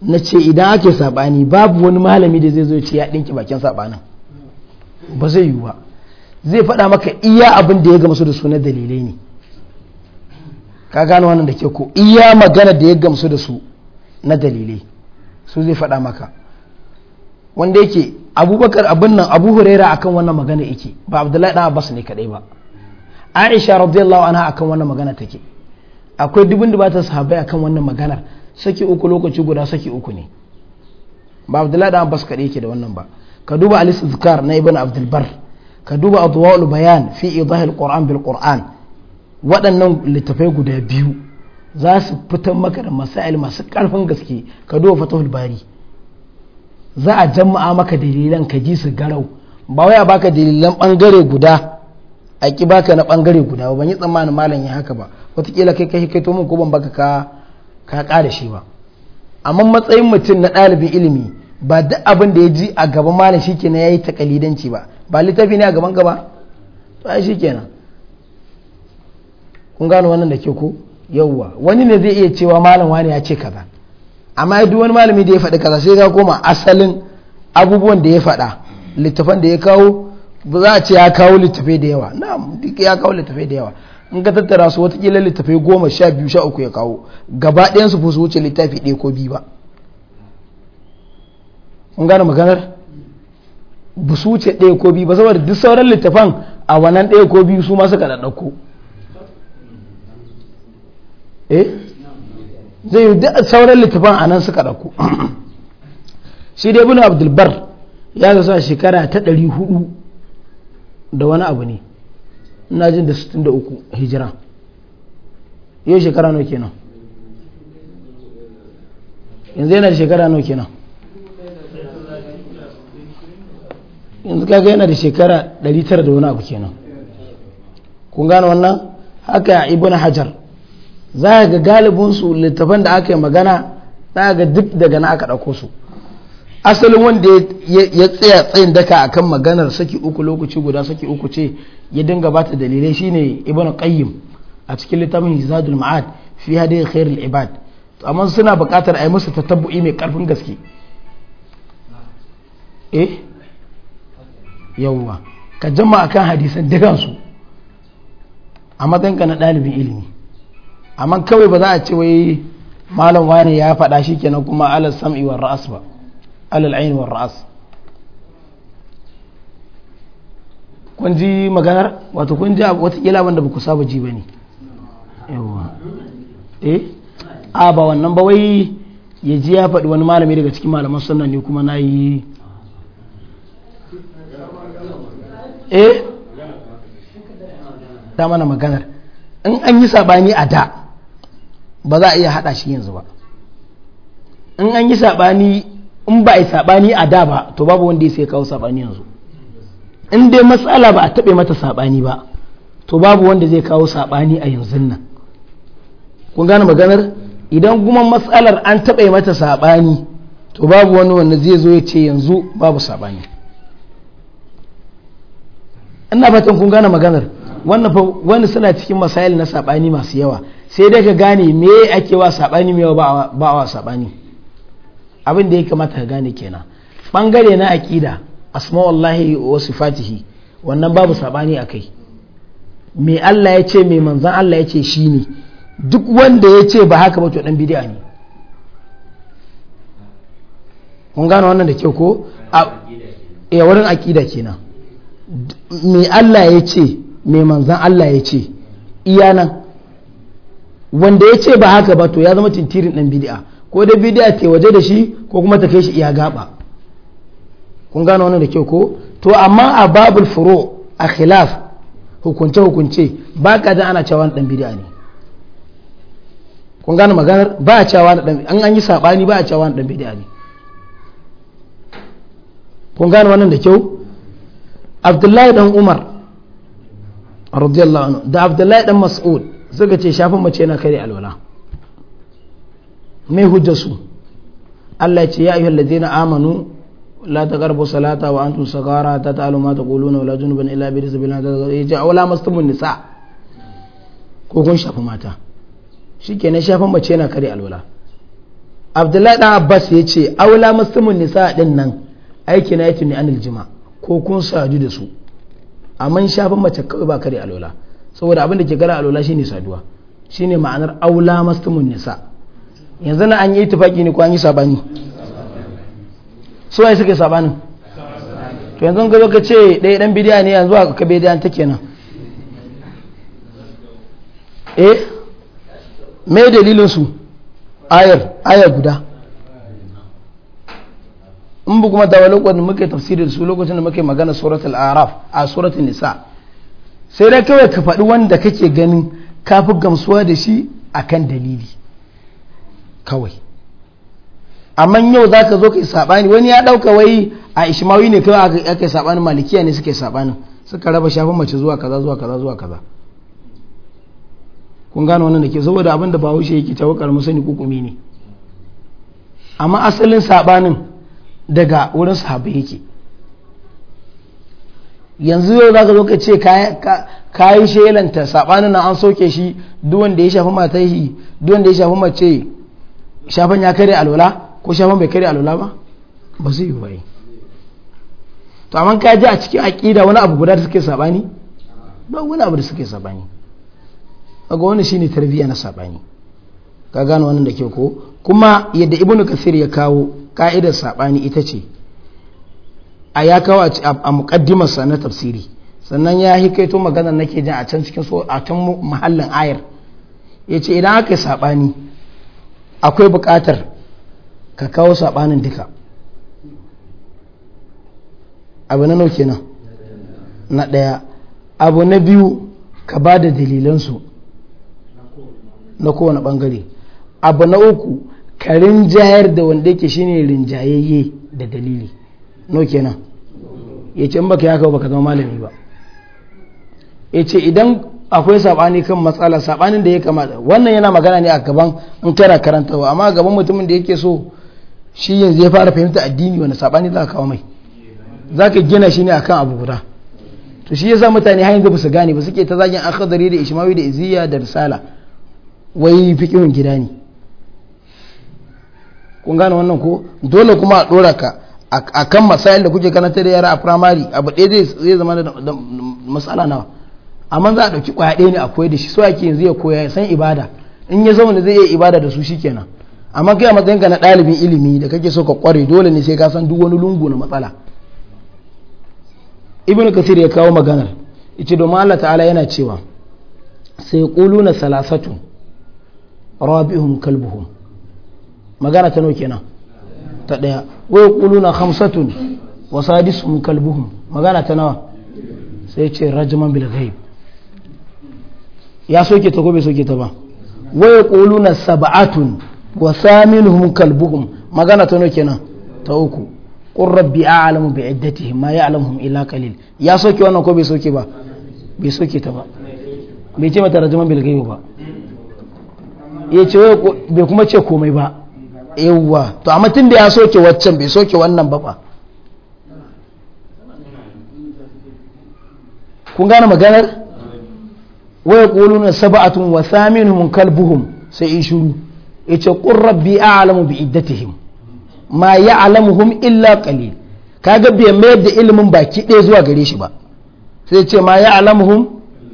na ce idan ake sabani babu wani malami da zai zo ce ya ɗinki bakin sabanin ba zai yiwu ba zai faɗa maka iya abin da ya gamsu da su na dalilai ne ka gano wannan da ke ko iya magana da ya gamsu da su na dalilai su zai faɗa maka wanda yake abubakar abin nan abu huraira akan wannan magana yake ba abdullahi dan abbas ne kadai ba aisha radiyallahu anha akan wannan magana take akwai dubin da sahabbai akan wannan maganar saki uku lokaci guda saki uku ne ba abdullahi dan abbas kadai yake da wannan ba ka duba Ali istizkar na ibn Abdulbar ka duba adwaul bayan fi idahil qur'an bil qur'an waɗannan littafai guda biyu za su fitar maka da masail masu ƙarfin gaske ka duba fatahul bari za a jama'a maka dalilan ka ji su garau ba wai baka dalilan bangare guda a ki baka na bangare guda ba yi tsammanin malam ya haka ba wataƙila kai kai kai to mun ko ban baka ka ka ƙara shi ba amma matsayin mutum na ɗalibin ilimi ba duk abin da ya ji a gaban malam shikenan yayi takalidanci ba ba littafi ne a gaban gaba to ai shikenan kun gano wannan da ke ko yawwa wani ne zai iya cewa malam wani ya ce kaza amma duk wani malami da ya faɗi kaza sai ya koma asalin abubuwan da ya faɗa littafan da ya kawo ba za a ce ya kawo littafai da yawa na duk ya kawo littafai da yawa in ka tattara su watakila littafai goma sha biyu sha uku ya kawo gaba ɗayan su su wuce littafi ɗaya ko biyu ba kun gane maganar ba su wuce ɗaya ko biyu ba saboda duk sauran littafan a wannan ɗaya ko biyu su ma suka ɗaɗɗauko eh zai yi sauran littafan a nan suka ɗauku shi dai ibn abdulbar ya zasu a shekara ta ɗari hudu da wani abu ne ina jin da 63 hijira yau shekara nawa kenan yanzu yana da shekara nawa kenan yanzu kaga yana da shekara 900 da wani abu kenan kun gane wannan haka ibn hajar za a ga galibinsu littafan da aka yi magana za ga duk daga na aka ɗauko su asalin wanda ya tsaya tsayin daka a kan maganar saki uku lokaci guda saki uku ce ya dinga ba ta dalilai shine ibn qayyim a cikin littafin hizadul ma'ad fi hadi khairul ibad amma suna buƙatar a yi musu tatabbu'i mai ƙarfin gaske eh yawwa ka jama'a kan hadisan dukansu a matsayinka na ɗalibin ilimi amma kawai ba za a ce wai malam wani ya faɗa shi kenan kuma alal sam'i war ra'as ba alal ayn war ra'as kun ji maganar wato kun ji wata kila wanda ba ku saba ji bane yawa eh a ba wannan ba wai ya ji ya faɗi wani malami daga cikin malaman sunna ne kuma na yi eh ta mana maganar in an yi sabani a da ba za a iya haɗa shi yanzu ba in an yi saɓani in ba a yi saɓani a da ba to babu wanda ya sai kawo saɓani yanzu in dai matsala ba a taɓe mata saɓani ba to babu wanda zai kawo saɓani a yanzu nan kun gane maganar idan kuma matsalar an taɓe mata saɓani to babu wani wanda zai zo ya ce yanzu babu saɓani ina fatan kun gane maganar wani suna cikin masail na saɓani masu yawa sai dai ka gane me ake wa sabani me ba wa sabani abin da ya kamata ka gane kenan bangare na aqida asma'ullahi wa sifatihi wannan babu sabani akai me Allah ya ce me manzon Allah ya ce shine duk wanda ya ce ba haka ba to dan bid'a ne kun gane wannan da kyau ko a eh, wurin aƙida kenan me Allah ya ce me manzan Allah ya ce iya nan wanda ya ce ba haka ba to ya zama tintirin ɗan bidi'a ko da bidi'a ta waje da shi ko kuma ta kai shi iya gaba kun gano wannan da kyau ko to amma a babul furo a khilaf hukunce hukunce ba ka da ana cewa ɗan bidi'a ne kun gano maganar ba a cewa ɗan an an yi saɓani ba a cewa ɗan bidi'a ne kun gano wannan da kyau Abdullahi dan Umar radiyallahu anhu da Abdullahi dan Mas'ud suka ce shafin mace yana kare alwala mai su Allah ce ya yi ayyuhal na amanu la taqrabu salata wa antum sagara ta ta'lamu ta quluna wala junuban illa bi a yace masu tumun nisa ko kun shafi mata shikenan shafin mace yana kare alwala Abdullahi ɗan Abbas ya ce yace masu tumun nisa ɗin nan aiki na tuni anil jima ko kun sa da su amma shafin mace kawai ba kare alwala saboda abin da ke gara shi shine saduwa shine ma'anar aula mastumun nisa yanzu na an yi tufaki ne ko an yi sabani su ai suka sabani to yanzu ga ka ce ɗaya ɗan bidiya ne yanzu a ka bidiyan ta kenan eh me dalilin su ayar ayar guda in bu kuma tawalin muke tafsirin su lokacin da muke magana suratul araf a suratul nisa sai dai kawai ka faɗi wanda kake ganin ka gamsuwa da shi akan dalili kawai amma yau za ka zo ka yi saɓani wani ya ɗauka wai a ishimawi ne kawai aka yi saɓanin malikiya ne suke saɓanin suka raba shafin mace zuwa kaza zuwa kaza zuwa kaza kun gano wannan da ke saboda abin da bahaushe yake cewa wakar sani kukumi ne amma asalin saɓanin daga wurin sahabai yake yanzu yau za ka zo ka ce ka yi shelanta saɓanin na an soke shi duwan da ya shafi matai duwan da ya shafi mace shafan ya kare alola ko shafan bai kare alola ba ba zai yi bai to amma ka ji a cikin aƙida wani abu guda da suke saɓani ba wani abu da suke saɓani ga wani ne tarbiyya na saɓani ka gano wannan da ke ko kuma yadda ibnu kasir ya kawo ka'idar saɓani ita ce a ya kawo a sa na tafsiri sannan ya hikaito magana nake jin a can cikin so a can muhallin ayar Ya ce idan aka yi saɓani akwai buƙatar ka kawo saɓanin duka abu na nauke nan na ɗaya abu na biyu ka ba da dalilansu na kowane ɓangare abu na uku ka rinjayar da wanda yake shine rinjayayye da dalili no kenan ya ce in baka kawo baka zama malami ba ya ce idan akwai sabani kan matsala sabanin da ya kamata wannan yana magana ne a gaban in kana karantawa amma gaban mutumin da yake so shi yanzu ya fara fahimta addini wani sabani za ka kawo mai za ka gina shi ne a kan abu guda to shi yasa mutane hanyar da ba su gane ba suke ta zagin akhadari da ishmawi da iziya da risala wai fiqhun gida ne kun gane wannan ko dole kuma a ɗora ka a kan masayar da kuke karanta da yara a firamari abu ɗaya zai zama da matsala nawa amma za a ɗauki ƙwaya ɗaya ne a koya da shi so ake yanzu ya koya ya san ibada in ya zama da zai iya ibada da su shi kenan amma kai a matsayin ka na ɗalibin ilimi da kake so ka kware dole ne sai ka san duk wani lungu na matsala ibn kasir ya kawo maganar ce domin Allah ta'ala yana cewa sai na salasatu rabihum kalbuhum magana ta nau kenan ta ɗaya wai kuluna hamsatun wa sadisuhum kalbuhum magana ta nawa sai ce rajaman bil ghaib ya soke ta ko bai soke ta ba wai kuluna sab'atun wa thaminuhum kalbuhum magana ta nawa kenan ta uku qur rabbi a'lamu bi iddatihim ma ya'lamuhum illa qalil ya soke wannan ko bai soke ba bai soke ta ba bai ce mata rajaman bil ghaib ba ya ce wai bai kuma ce komai ba yawwa to amma tun da ya soke waccan bai soke wannan ba ba kun gane maganar waya quluna sab'atun wa thaminuhum kalbuhum sai in shuru yace qur rabbi a'lamu bi iddatihim ma ya'lamuhum illa qalil kaga bai mayar da ilimin baki ɗaya zuwa gare shi ba sai ce ma ya'lamuhum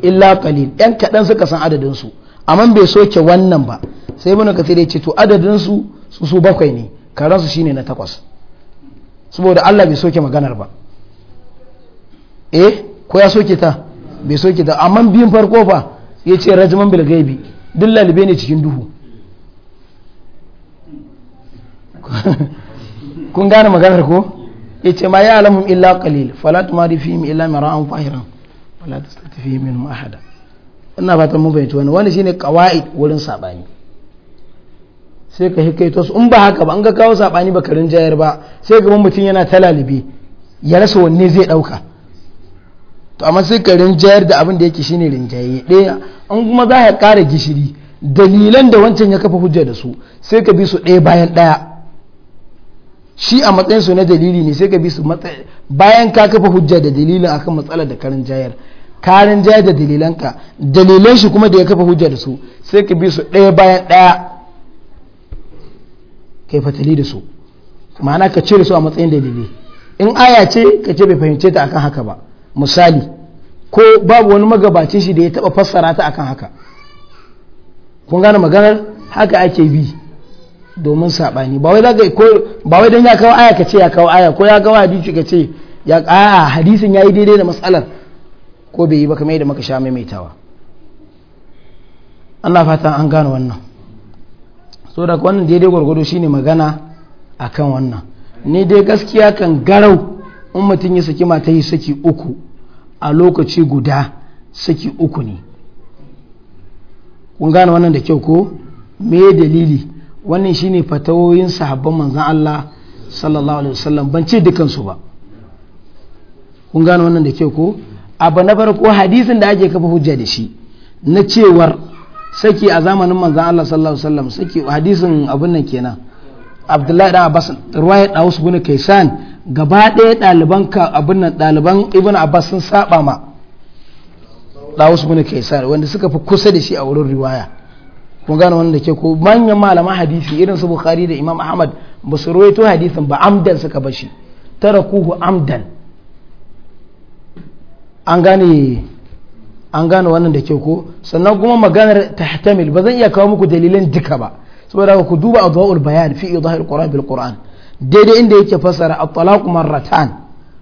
illa qalil yan kaɗan suka san adadin su amma bai soke wannan ba sai mun ka sai ce to adadin su su su bakwai ne karansu shine na takwas saboda Allah bai soke maganar ba eh ko ya soke ta bai soke ta amma biyun farko fa ya ce rajiman bil gaibi duk lalibe ne cikin duhu kun gane maganar ko ya ce ma ya alamun illa qalil fala tumari min illa mara'an fahiran fala tastati fi min ahada ina fatan mun bayyana wani shine qawaid wurin sabani sai ka hikaito su in ba haka ba an ga kawo sabani ba karin jayar ba sai gaban mutum yana ta ya rasa wanne zai ɗauka to amma sai ka rinjayar da abin da yake shine rinjaye ɗaya an kuma za ka ƙara gishiri dalilan da wancan ya kafa hujja da su sai ka bi su ɗaya bayan ɗaya shi a matsayin su na dalili ne sai ka bi su bayan ka kafa hujja da dalilin akan matsalar da karin jayar karin jayar da dalilanka dalilan shi kuma da ya kafa hujja da su sai ka bi su ɗaya bayan ɗaya kai fatali da su ma'ana ka cire su a matsayin dalilai in aya ce ka ce bai fahimce ta akan haka ba misali ko babu wani magabacin shi da ya taba fassara ta akan haka kun gane maganar haka ake bi domin sabani ba wai zaka ko ba wai dan ya kawo aya ka ce ya kawo aya ko ya kawo hadisi ka ce ya a hadisin yayi daidai da matsalar ko bai yi ba kamar yadda muka sha maimaitawa Allah fata an gane wannan so da wannan daidai gwargwado shine magana akan wannan ni dai gaskiya kan garau in mutum ya saki mata yi saki uku a lokaci guda saki uku ne kun gane wannan da kyau ko me dalili wannan shine fatawoyin sahabban manzan Allah sallallahu alaihi wasallam ban ce dukansu ba kun gane wannan da kyau ko abu na farko hadisin da ake kafa hujja da shi na cewar saki a zamanin manzan Allah sallallahu alaihi wasallam saki hadisin abin nan kenan Abdullahi dan Abbas ruwaya wasu gune Kaisan gaba ɗaya ɗaliban ka abin nan ɗaliban Ibn Abbas sun saba ma da wasu gune Kaisan wanda suka fi kusa da shi a wurin riwaya kun gane wannan da ke ko manyan malaman hadisi irin su Bukhari da Imam Ahmad ba su ruwaito hadisin ba amdan suka bashi tarakuhu amdan an gane an gane wannan da kyau ko sannan kuma maganar ta tahtamil ba zan iya kawo muku dalilan duka ba saboda ku duba adwaul bayan fi idahil qur'an bil qur'an daidai inda yake fasara at-talaq marratan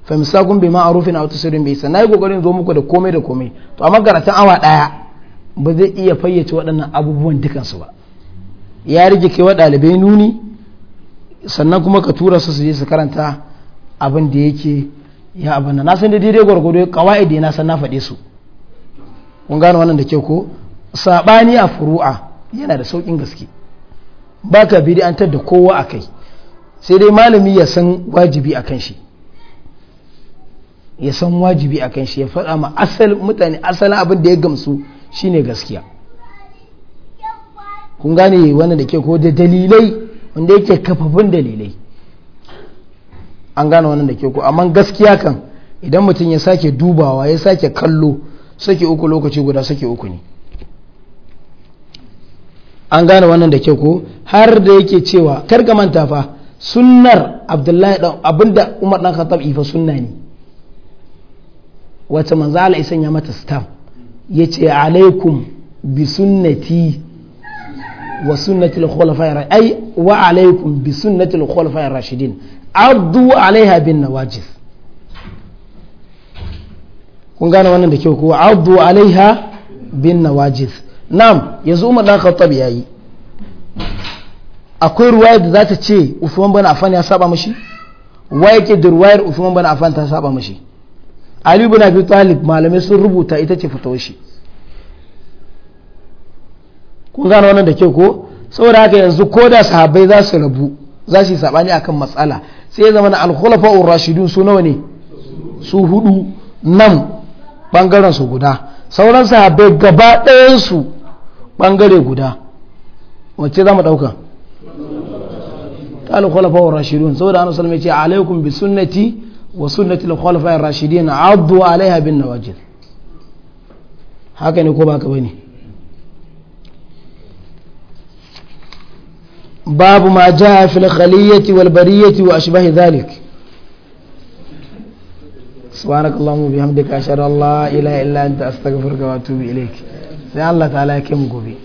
fa misakun bi ma'rufin aw tasrifin bi sannan yi kokarin zo muku da komai da komai to amma garatan awa daya ba zai iya fayyace waɗannan abubuwan dukan su ba ya rige kai wa ɗalibai nuni sannan kuma ka tura su su je su karanta abin da yake ya abin na san da daidai gwargwado kawai da na san na faɗe su kun gane wannan da ke ko sabani a furu'a yana da saukin gaske ba ka bid'antar da kowa a kai sai dai malami ya san wajibi a kan shi ya san wajibi a kan shi ya faɗa ma asal mutane asalin abin da ya gamsu shine gaskiya kun gane wannan da ke ko da dalilai wanda yake kafafin dalilai an gane wannan da ke ko amma gaskiya kan idan mutum ya sake dubawa ya sake kallo saki uku lokaci guda saki uku ne an gane wannan da kyau ko har da yake cewa kar ka manta fa sunnar abdullahi dan abinda umar dan khattab ifa sunna ne wata manzo Allah isan ya mata stam yace alaikum bi sunnati wa sunnati al khulafai ay wa alaikum bi sunnati al ar rashidin addu alaiha bin nawajis kun gane wannan da kyau ko abu alaiha bin nawajiz nam yanzu umar dan khattab yayi akwai ruwaya da zata ce usman bin affan ya saba mishi waye ke da ruwayar usman bin affan ta saba mishi ali ibn abi talib malamai sun rubuta ita ce fatawar shi kun gane wannan da kyau ko saboda haka yanzu ko da sahabbai za su rabu za su yi sabani akan matsala sai ya zama na al-khulafa'ur rashidun su nawa ne su hudu nam. ɓangarensu guda sauran sahabai gaba ɗayensu ɓangare guda wacce za mu ɗauka ta'al khulafa wa rashidun saboda ana sallallahu alaihi ce alaikum bi sunnati wa sunnati al khulafa ar rashidin addu alaiha na nawajil haka ne ko ba ka bane babu ma jaa fil khaliyati wal bariyati wa ashbahi dhalik سبحانك اللهم وبحمدك أشهد أن لا إله إلا أنت أستغفرك وأتوب إليك sai Allah ta ya kai mu gobe